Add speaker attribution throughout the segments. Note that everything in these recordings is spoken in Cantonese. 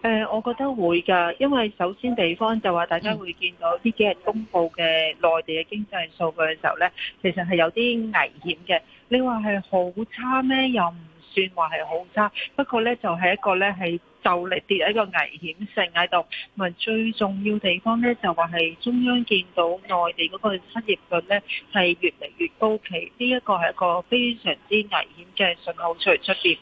Speaker 1: 誒、呃，我覺得會㗎，因為首先地方就話大家會見到呢幾日公布嘅內地嘅經濟數據嘅時候呢，其實係有啲危險嘅。你話係好差咩？又唔算話係好差，不過呢，就係、是、一個呢係。 就嚟跌一個危險性喺度，同埋最重要地方咧就話係中央見到內地嗰個失業率咧係越嚟越高企，呢一個係一個非常之危險嘅信號出嚟出現。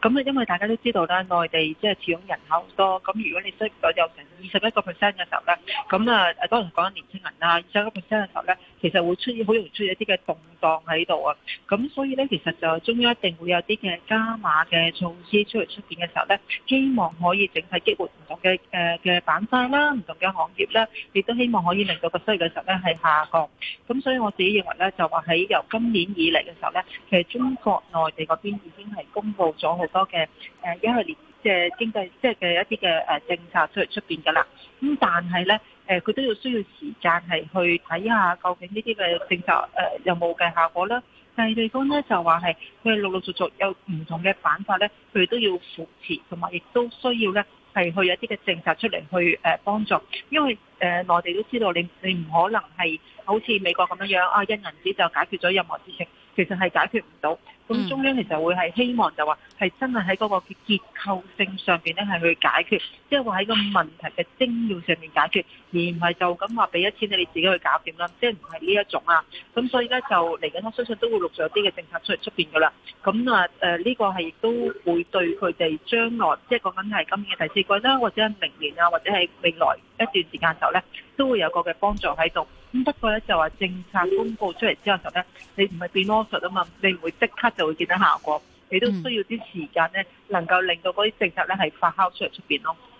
Speaker 1: 咁啊，因為大家都知道啦，內地即係始終人口多，咁如果你失咗有成二十一個 percent 嘅時候咧，咁啊，誒當然講緊年青人啦，二十一個 percent 嘅時候咧，其實會出現好容易出現一啲嘅動蕩喺度啊。咁所以咧，其實就中央一定會有啲嘅加碼嘅措施出嚟出現嘅時候咧，希望。希望可以整體激活唔同嘅誒嘅板塊啦，唔同嘅行業啦，亦都希望可以令到個收嘅時候咧係下降。咁所以我自己認為咧，就話喺由今年以嚟嘅時候咧，其實中國內地嗰邊已經係公布咗好多嘅誒一系列即係經濟即係嘅一啲嘅誒政策出嚟出面噶啦。咁但係咧誒，佢都要需要時間係去睇下究竟呢啲嘅政策誒有冇嘅效果啦。但係地方咧就話係佢係陸陸續續有唔同嘅辦法，咧，佢都要扶持，同埋亦都需要咧係去一啲嘅政策出嚟去誒幫助，因為誒內地都知道你你唔可能係好似美國咁樣樣啊，印銀紙就解決咗任何事情。其實係解決唔到，咁中央其實會係希望就話係真係喺嗰個叫結構性上邊咧係去解決，即係話喺個問題嘅精要上面解決，而唔係就咁話俾一千你你自己去搞掂啦，即係唔係呢一種啊。咁所以咧就嚟緊，我相信都會陸續有啲嘅政策出嚟出邊噶啦。咁啊誒呢個係都會對佢哋將來，即係講緊係今年嘅第四季啦，或者係明年啊，或者係未來一段時間時候咧，都會有個嘅幫助喺度。咁 不過咧，就話政策公布出嚟之後咧，你唔係變魔術啊嘛，你唔會即刻就會見到效果，你都需要啲時間咧，能夠令到嗰啲政策咧係發酵出嚟出面咯。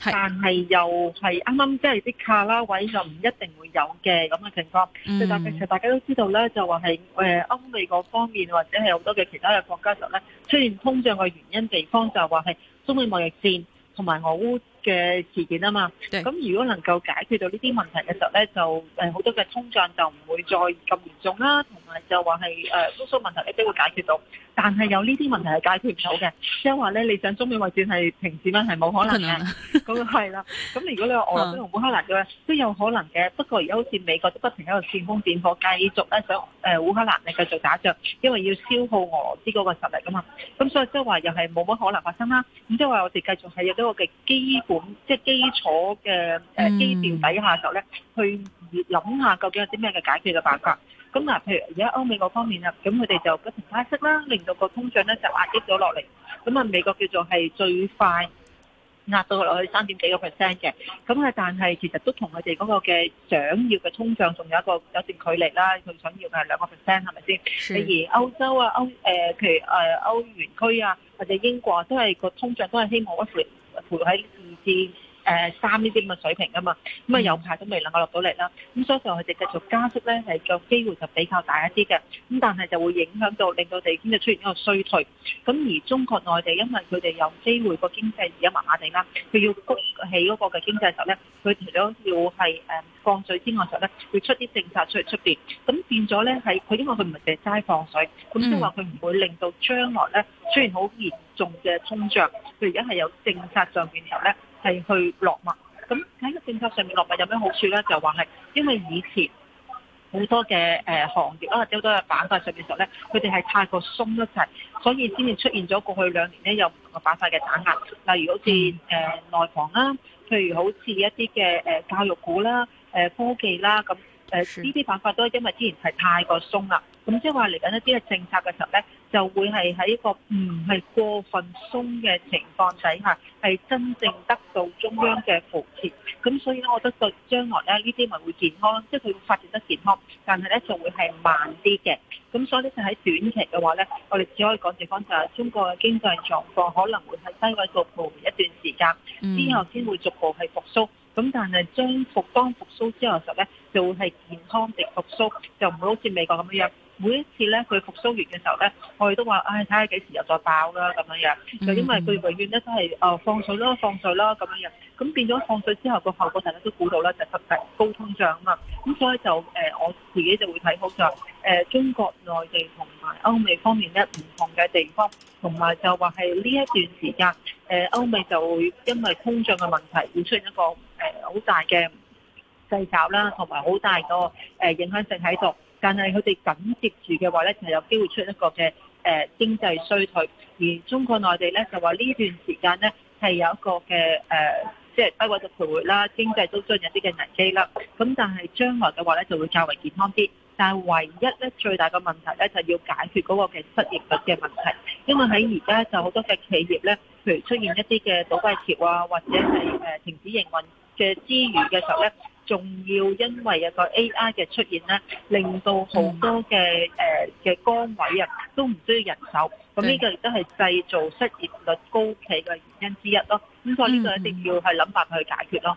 Speaker 1: 是，但係又係啱啱即係啲卡啦位就唔一定會有嘅咁嘅情況，嗯。但其實大家都知道咧，就話係誒歐美嗰方面或者係好多嘅其他嘅國家就咧出現通脹嘅原因地方就話係中美貿易戰同埋俄烏嘅事件啊嘛。對，咁如果能夠解決到呢啲問題嘅時候咧，就誒好多嘅通脹就唔會再咁嚴重啦。就話係誒，收、呃、縮問題一定會解決到，但係有呢啲問題係解決唔到嘅，即係話咧，你想中美貿易戰係停止，緊係冇可能嘅，咁係啦，咁如果你話俄羅斯同烏克蘭嘅話都有可能嘅，不過而家好似美國都不停喺度煽風點火，繼續咧想誒烏克蘭嚟繼續打仗，因為要消耗俄羅斯嗰個實力㗎嘛，咁所以即係話又係冇乜可能發生啦，咁即係話我哋繼續係有咗個嘅基本 即係基礎嘅誒基調底下時候咧去諗下究竟有啲咩嘅解決嘅辦法。咁嗱，譬如而家歐美嗰方面啊，咁佢哋就不停加息啦，令到個通脹咧就壓抑咗落嚟。咁啊，美國叫做係最快壓到落去三點幾個 percent 嘅。咁啊，但係其實都同佢哋嗰個嘅想要嘅通脹仲有一個有段距離啦。佢想要嘅係兩個 percent，係咪先？譬如歐洲啊、歐誒、呃、譬如誒歐元區啊或者英國、啊、都係個通脹都係希望徘徊喺二至誒、呃、三呢啲咁嘅水平㗎嘛，咁啊有排都未能夠落到嚟啦，咁所以就佢哋繼續加息咧，係個機會就比較大一啲嘅，咁但係就會影響到令到地經濟出現一個衰退，咁而中國內地因為佢哋有機會個經濟而家麻麻地啦，佢要鼓起嗰個嘅經濟時候呢，佢除咗要係誒放水之外時候，候咧會出啲政策出出邊，咁變咗咧係佢因為佢唔係淨係齋放水，咁即係話佢唔會令到將來咧出現好嚴重嘅通脹，佢而家係有政策上面頭咧。係去落墨，咁喺個政策上面落墨有咩好處咧？就話係因為以前好多嘅誒行業啊，即好多嘅板塊上面時候咧，佢哋係太過鬆一齊，所以先至出現咗過去兩年咧有唔同嘅板塊嘅打壓，例如好似誒、呃、內房啦，譬如好似一啲嘅誒教育股啦、誒、呃、科技啦咁。誒呢啲辦法都係因為之前係太過鬆啦，咁即係話嚟緊一啲嘅政策嘅時候咧，就會係喺一個唔係過分鬆嘅情況底下，係真正得到中央嘅扶持。咁所以咧，我覺得到將來咧呢啲咪會健康，即係佢會發展得健康。但係咧，就會係慢啲嘅。咁所以咧，就喺短期嘅話咧，我哋只可以講住，講就係中國嘅經濟狀況可能會係低位徘徊一段時間，之後先會逐步係復甦。咁但係將復當服復甦之後嘅時候咧，就會係健康地復甦，就唔會好似美國咁樣樣。每一次咧佢復甦完嘅時候咧，我哋都話，唉、哎，睇下幾時又再爆啦咁樣樣。就因為佢永遠咧都係放水咯，放水咯咁樣樣。咁變咗放水之後個效果大家都估到啦，就特、是、質高通脹啊嘛。咁所以就、呃、我自己就會睇好在、就、誒、是呃、中國內地同埋歐美方面咧唔同嘅地方，同埋就話係呢一段時間誒、呃、歐美就會因為通脹嘅問題會出現一個。好大嘅掣肘啦，同埋好大個誒影響性喺度。但係佢哋緊接住嘅話咧，就係有機會出一個嘅誒經濟衰退。而中國內地咧就話呢段時間咧係有一個嘅誒，即係不穩定回緩啦，經濟都進入啲嘅危機啦。咁但係將來嘅話咧就會較為健康啲。但係唯一咧最大嘅問題咧就要解決嗰個嘅失業率嘅問題，因為喺而家就好多嘅企業咧，譬如出現一啲嘅倒閉潮啊，或者係誒停止營運。嘅資源嘅時候咧，仲要因為一個 AI 嘅出現咧，令到好多嘅誒嘅崗位啊，都唔需要人手。咁、mm. 呢個亦都係製造失業率高企嘅原因之一咯。咁所以呢個一定要係諗辦法去解決咯。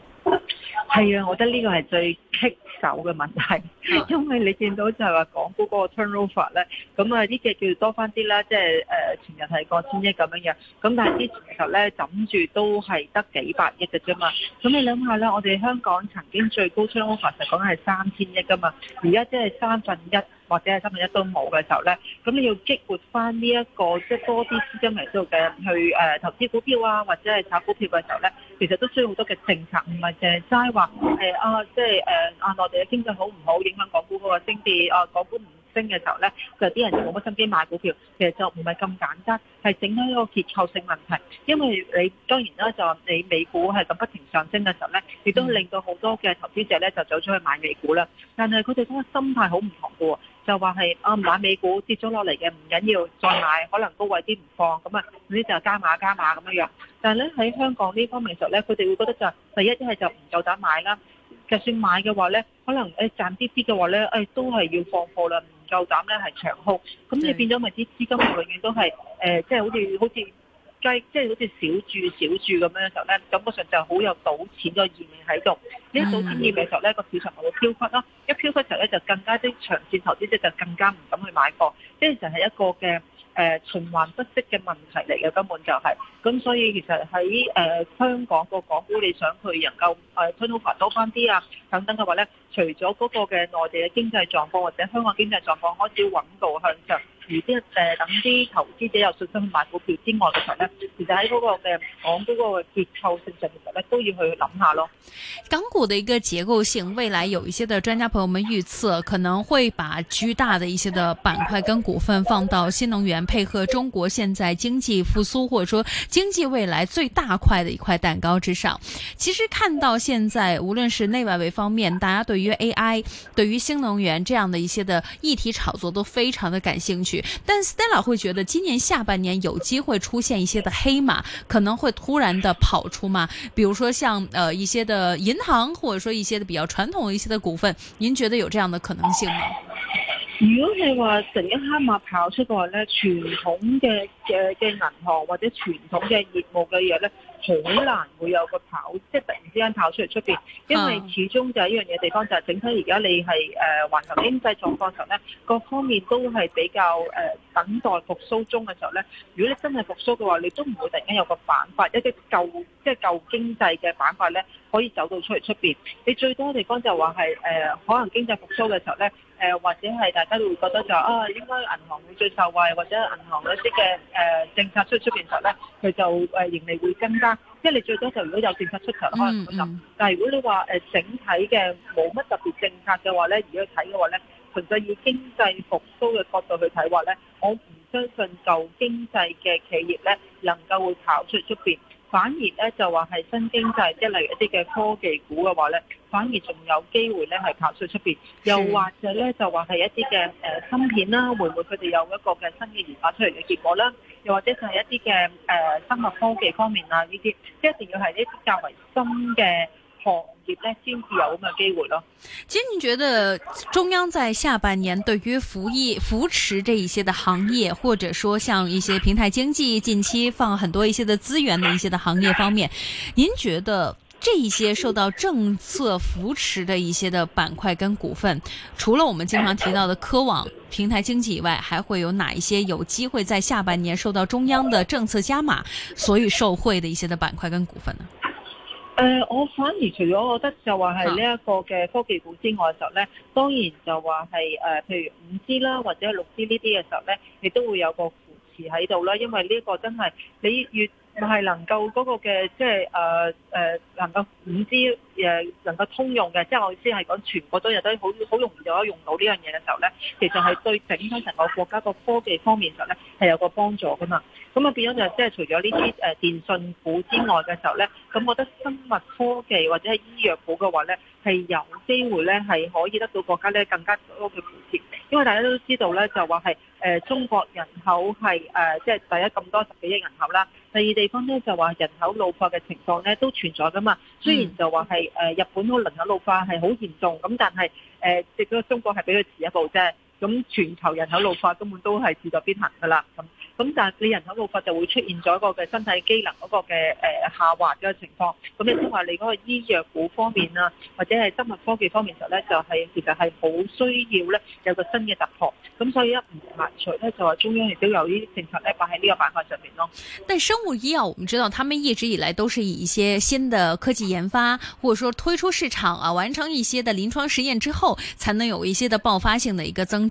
Speaker 2: 係啊，我覺得呢個係最棘手嘅問題，嗯，因為你見到就係話
Speaker 1: 港股嗰個 turnover 咧，咁啊呢隻叫多翻啲啦，即係誒前日係過千億咁樣樣，咁但係之前其實咧枕住都係得幾百億嘅啫嘛，咁你諗下啦，我哋香港曾經最高 turnover 就講係三千億噶嘛，而家即係三分一。或者係三分一都冇嘅時候咧，咁你要激活翻呢一個即係多啲資金嚟到嘅去投資股票啊，或者係炒股票嘅時候咧，其實都需要好多嘅政策，唔係淨係齋話誒啊，即係誒啊內地嘅經濟好唔好影響港股嘅升跌啊，港股唔升嘅時候咧，就啲人冇乜心機買股票，其實就唔係咁簡單，係整開一個結構性問題，因為你當然啦，就你美股係咁不停上升嘅時候咧，亦都令到好多嘅投資者咧就走出去買美股啦，但係佢哋嗰個心態好唔同喎。就話係啊，買美股跌咗落嚟嘅唔緊要，再買可能高位啲唔放咁啊，嗰啲就加碼加碼咁樣樣。但係咧，喺香港呢方面時候咧，佢哋會覺得就是、第一一係就唔夠膽買啦，就算、是、買嘅話咧，可能誒賺啲啲嘅話咧、欸，都係要放貨啦，唔夠膽咧係長空。咁你變咗咪啲資金永遠都係誒，即、欸、係、就是、好似好似。即係好似小注小注咁樣嘅時候咧，感覺上就好有賭錢嘅意味喺度。一、mm -hmm. 賭錢意味嘅時候咧，個市場會飄忽咯。一飄忽時候咧，就更加啲、就是、長線投資者就更加唔敢去買貨。呢啲就係、是、一個嘅、呃、循環不息嘅問題嚟嘅，根本就係、是。咁所以其實喺、呃、香港個港股，你想去能夠誒、呃、turnover 多翻啲啊，等等嘅話咧，除咗嗰個嘅內地嘅經濟狀況或者香港的經濟狀況開始穩步向上。而啲誒等啲投資者有信心買股票之外嘅時候咧，其實喺嗰個嘅講嗰個結構性上面時咧，都要
Speaker 2: 去諗下咯。港股嘅一個結構性，未來有一些嘅專家朋友們預測可能會把巨大的一些嘅板塊跟股份放到新能源，配合中國現在經濟復甦，或者說經濟未來最大塊嘅一塊蛋糕之上。其實看到現在，無論是內外圍方面，大家對於 AI、對於新能源這樣的一些的議題炒作都非常的感興趣。但 Stella 會覺得今年下半年有機會出現一些的黑馬，可能會突然的跑出嗎？比如說像呃一些的銀行，或者說一些的比較傳統一些的股份，您覺得有這樣的可能性嗎？如
Speaker 1: 果係話突然黑馬跑出嚟咧，傳統嘅嘅嘅銀行或者傳統嘅業務嘅嘢咧。好難會有個跑，即係突然之間跑出嚟出面，因為始終就係一樣嘢地方就係、是、整體而家你係誒、呃、環球經濟狀況嘅時候咧，各方面都係比較誒、呃、等待復甦中嘅時候咧。如果你真係復甦嘅話，你都唔會突然間有個反發，一啲舊即係、就是、舊經濟嘅板塊咧，可以走到出嚟出面。你最多嘅地方就話係誒，可能經濟復甦嘅時候咧。誒，或者係大家都會覺得就啊，應該銀行會最受惠，或者銀行嗰啲嘅誒政策出出邊時候咧，佢就誒盈利會增加。即係你最多就如果有政策出頭可能咁就，但係如果你話誒整體嘅冇乜特別政策嘅話咧，如果睇嘅話咧，純粹以經濟復甦嘅角度去睇話咧，我唔相信舊經濟嘅企業咧能夠會跑出出邊。反而咧就話係新經濟，即係例如一啲嘅科技股嘅話咧，反而仲有機會咧係跑出出邊，又或者咧就話係一啲嘅誒芯片啦，會唔會佢哋有一個嘅新嘅研發出嚟嘅結果啦？又或者就係一啲嘅誒生物科技方面啊呢啲，即一定要係呢啲較為新嘅。行
Speaker 2: 業呢，先至有咁嘅機會咯。其實您覺得中央在下半年對於服役扶持這一些的行業，或者說像一些平台經濟近期放很多一些的資源的一些的行業方面，您覺得這一些受到政策扶持的一些的板塊跟股份，除了我們經常提到的科網平台經濟以外，還會有哪一些有機會在下半年受到中央的政策加碼，所以受惠的一些的板塊跟股份呢？
Speaker 1: 誒、呃，我反而除咗我覺得就話係呢一個嘅科技股之外嘅時候咧，當然就話係誒，譬如五 G 啦，或者六 G 呢啲嘅時候咧，亦都會有個扶持喺度啦，因為呢個真係你越係能夠嗰個嘅即係誒能夠五 G。誒能夠通用嘅，即係我意思係講全國都有都好好容易有得用到呢樣嘢嘅時候咧，其實係對整翻成個國家個科技方面上時候咧係有個幫助噶嘛。咁啊變咗就係即係除咗呢啲誒電訊股之外嘅時候咧，咁我覺得生物科技或者係醫藥股嘅話咧係有機會咧係可以得到國家咧更加多嘅扶持，因為大家都知道咧就話係誒中國人口係誒即係第一咁多十幾億人口啦，第二地方咧就話人口老化嘅情況咧都存在噶嘛。雖然就話係。嗯誒日本都人口老化係好嚴重，咁但係誒只個中國係比佢遲一步啫。咁全球人口老化根本都係勢在必行噶啦，咁咁但係你人口老化就會出現咗一個嘅身體機能嗰個嘅下滑嘅情況，咁亦即話你嗰個醫藥股方面啊，或者係生物科技方面就咧就係其實係好需要咧有個新嘅突破，咁所以一唔排除咧就話中央亦都有啲政策咧擺喺呢個板塊上面咯。
Speaker 2: 但生物醫藥，我們知道，他們一直以來都是以一些新的科技研發，或者說推出市場啊，完成一些的臨床實驗之後，才能有一些的爆發性的一個增長。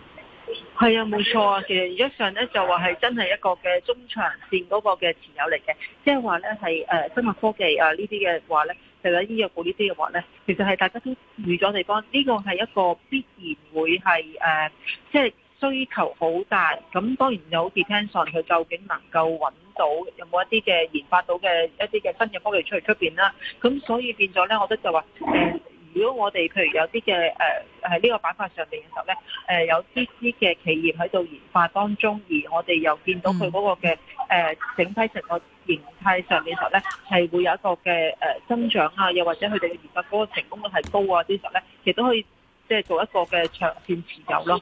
Speaker 1: 係 啊，冇錯啊，其實而家上咧就話係真係一個嘅中長線嗰個嘅持有嚟嘅，即係話咧係誒生物科技啊呢啲嘅話咧，就係、是、醫藥股呢啲嘅話咧，其實係大家都預咗地方，呢、呢個係一個必然會係誒，即係需求好大，咁當然有 depends on 佢究竟能夠揾到有冇一啲嘅研發到嘅一啲嘅新嘅科技出嚟出邊啦。咁所以變咗咧，我覺得就話如果我哋譬如有啲嘅誒係呢個板塊上邊嘅時候咧，誒、呃、有啲啲嘅企業喺度研發當中，而我哋又見到佢嗰個嘅誒、呃、整體成個形態上邊時候咧，係會有一個嘅誒、呃、增長啊，又或者佢哋嘅研發嗰個成功率係高啊之時候咧，其實都可以即係做一個嘅長線持有咯。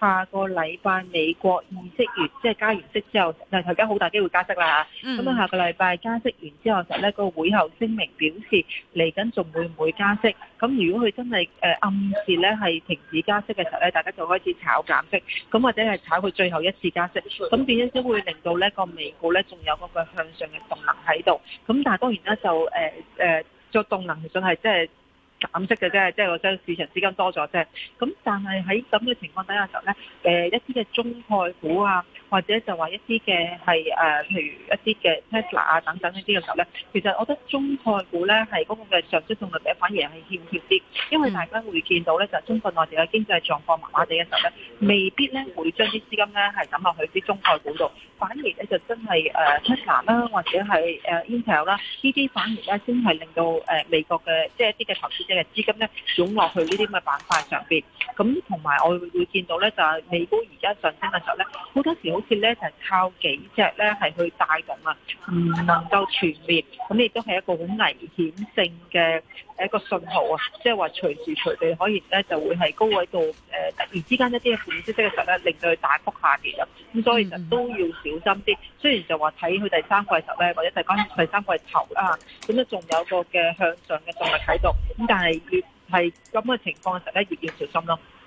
Speaker 1: 下個禮拜美國議息月即係加完息之後，頭家好大機會加息啦嚇。咁樣下個禮拜加息完之後，就咧個會後聲明表示嚟緊仲會唔會加息？咁如果佢真係誒暗示咧係停止加息嘅時候咧，大家就開始炒減息，咁或者係炒佢最後一次加息。咁變咗先會令到咧個美股咧仲有嗰個向上嘅動能喺度。咁但係當然咧就誒誒，個動能就係即係。減息嘅啫，即係我將市場資金多咗啫。咁但係喺咁嘅情況底下嘅時候咧，誒一啲嘅中概股啊，或者就話一啲嘅係誒，譬如一啲嘅 Tesla 啊等等些呢啲嘅時候咧，其實我覺得中概股咧係嗰個嘅上升動力咧反而係欠缺啲，因為大家會見到咧就係、中國內地嘅經濟狀況麻麻地嘅時候咧，未必咧會將啲資金咧係揼落去啲中概股度。反而咧就真係誒 Tesla 啦，或者係誒 Intel 啦，呢啲反而咧先係令到誒美國嘅即係一啲嘅投資者嘅資金咧湧落去呢啲咁嘅板塊上邊。咁同埋我會見到咧，就係美股而家上升嘅時候咧，好多時好似咧就係靠幾隻咧係去帶動啊，唔能夠全面，咁亦都係一個好危險性嘅一個信號啊！即係話隨時隨地可以咧就會係高位度誒突然之間一啲嘅負消息嘅時候咧，令到佢大幅下跌啊！咁所以就都要少。小心啲，雖然就話睇佢第三季時候咧，或者睇緊第三季頭啦，咁咧仲有個嘅向上嘅動力係喺度，咁但係越係咁嘅情況嘅時候咧，越要小心咯。